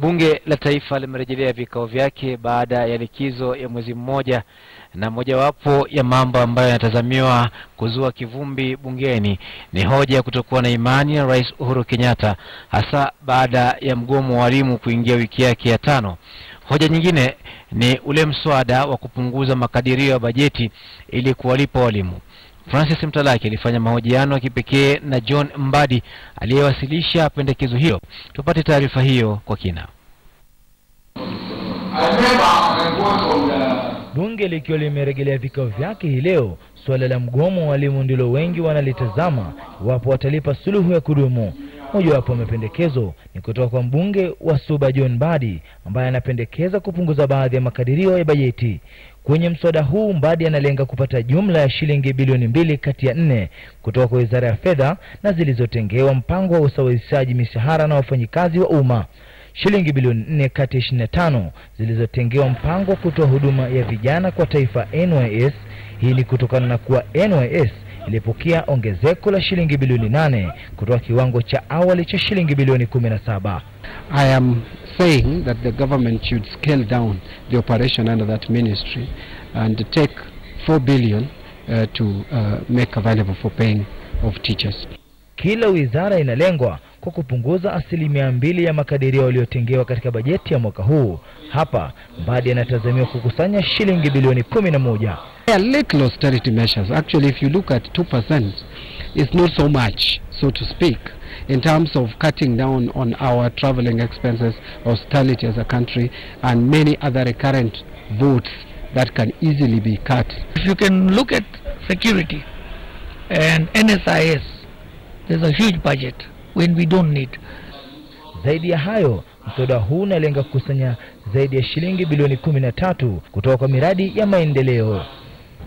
Bunge la Taifa limerejelea vikao vyake baada ya likizo ya mwezi mmoja, na mojawapo ya mambo ambayo yanatazamiwa kuzua kivumbi bungeni ni hoja ya kutokuwa na imani na Rais Uhuru Kenyatta, hasa baada ya mgomo wa walimu kuingia wiki yake ya tano. Hoja nyingine ni ule mswada wa kupunguza makadirio ya bajeti ili kuwalipa walimu. Francis Mtalaki alifanya mahojiano ya kipekee na John Mbadi aliyewasilisha pendekezo hilo. Tupate taarifa hiyo kwa kina. Bunge likiwa limeregelea vikao vyake hii leo, suala la mgomo wa walimu ndilo wengi wanalitazama iwapo watalipa suluhu ya kudumu. Mojawapo ya mapendekezo ni kutoka kwa mbunge wa Suba John Mbadi ambaye anapendekeza kupunguza baadhi ya makadirio ya bajeti. Kwenye mswada huu Mbadi analenga kupata jumla ya shilingi bilioni mbili kati ya nne kutoka kwa Wizara ya Fedha na zilizotengewa mpango wa usawazishaji mishahara na wafanyikazi wa umma, shilingi bilioni nne kati ya 25 zilizotengewa mpango wa kutoa huduma ya vijana kwa taifa NYS. Hii ni kutokana na kuwa NYS ilipokea ongezeko la shilingi bilioni nane kutoka kiwango cha awali cha shilingi bilioni 17. I am saying that the government should scale down the operation under that ministry and take 4 billion uh, to uh, make available for paying of teachers. Kila wizara inalengwa kwa kupunguza asilimia mbili ya makadirio waliotengewa katika bajeti ya mwaka huu. Hapa Mbadi anatazamiwa kukusanya shilingi bilioni kumi na moja. Yeah, little austerity measures actually if you look at 2% is not so much so to speak in terms of cutting down on our traveling expenses austerity as a country and many other recurrent votes that can easily be cut. If you can look at security and NSIS, there's a huge budget when we don't need. Zaidi ya hayo, mswada huu unalenga kukusanya zaidi ya shilingi bilioni tatu kutoka kwa miradi ya maendeleo.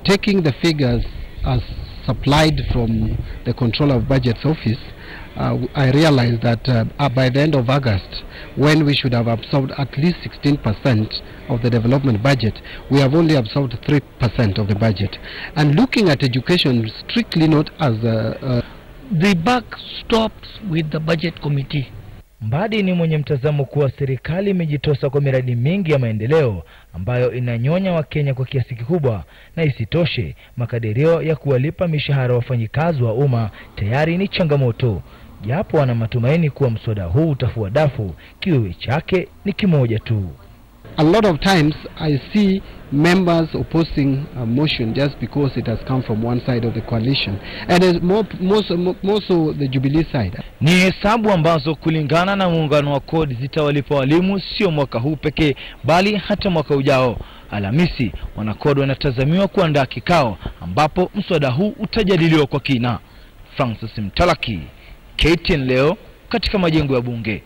Taking the figures as supplied from the Controller of Budgets Office, uh, I realized that uh, by the end of August, when we should have absorbed at least 16% of the development budget, we have only absorbed 3% of the budget. And looking at education strictly not as a, The buck stops with the budget committee. Mbadi ni mwenye mtazamo kuwa serikali imejitosa kwa miradi mingi ya maendeleo ambayo inanyonya Wakenya kwa kiasi kikubwa, na isitoshe makadirio ya kuwalipa mishahara wafanyikazi wa umma tayari ni changamoto, japo ana matumaini kuwa mswada huu utafua dafu. Kiwewe chake ni kimoja tu a lot of times I see members opposing a motion just because it has come from one side of the coalition and more, more, so, more so the Jubilee side. Ni hesabu ambazo kulingana na muungano wa CORD zitawalipa walimu sio mwaka huu pekee bali hata mwaka ujao. Alhamisi wanakod wanatazamiwa kuandaa kikao ambapo mswada huu utajadiliwa kwa kina. Francis Mtalaki, KTN leo katika majengo ya bunge.